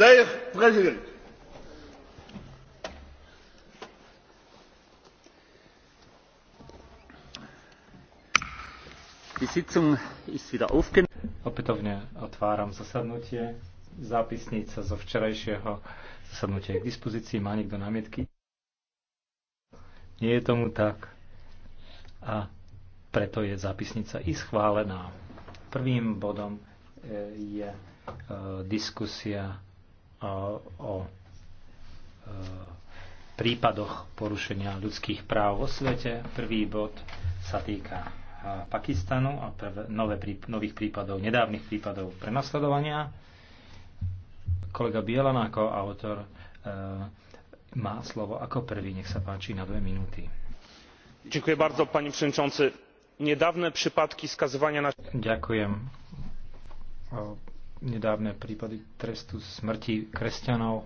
Dear President, Opätovne otváram zasadnutie. Zápisnica zo včerajšieho zasadnutia je k dispozícii. Má niekto námietky? Nie je tomu tak. A preto je zápisnica i schválená. Prvým bodom e, je e, diskusia o e, prípadoch porušenia ľudských práv vo svete. Prvý bod sa týka e, Pakistanu a prv, nové, nových prípadov, nedávnych prípadov prenasledovania. Kolega Bielan ako autor e, má slovo ako prvý. Nech sa páči na dve minúty. Ďakujem bardzo, pani przewodniczący. Niedawne przypadki skazywania na... Ďakujem nedávne prípady trestu smrti kresťanov,